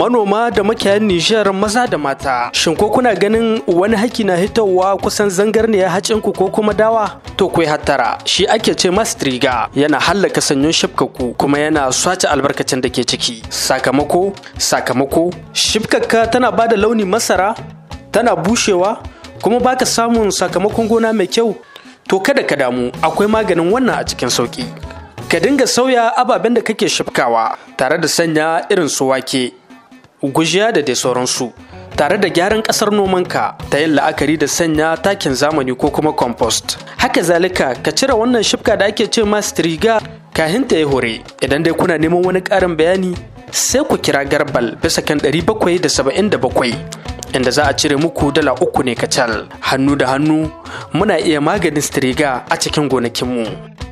manoma da makiyayan Nijar maza da mata. Shin ko kuna ganin wani haki na hitowa kusan zangar ne zangarniya hacinku ko kuma dawa? To kai hattara shi ake ce mastriga yana hallaka sanyun shifkaku kuma yana swace albarkacin da ke ciki. Sakamako, sakamako, shifkakka tana bada launi masara, tana bushewa, kuma baka samun sakamakon gona mai kyau. To kada ka damu akwai maganin wannan a cikin sauki. ka dinga sauya ababen da kake shifkawa tare da sanya irin su wake gujiya da dai sauransu tare da gyaran ƙasar nomanka ta yin la'akari da sanya takin zamani ko kuma compost haka zalika ka cire wannan shifka da ake ce striga kahin ta ya hore idan dai kuna neman wani ƙarin bayani sai ku kira garbal bisa kan bakwai, inda za a cire muku dala uku ne kacal hannu da hannu muna iya maganin striga a cikin gonakinmu.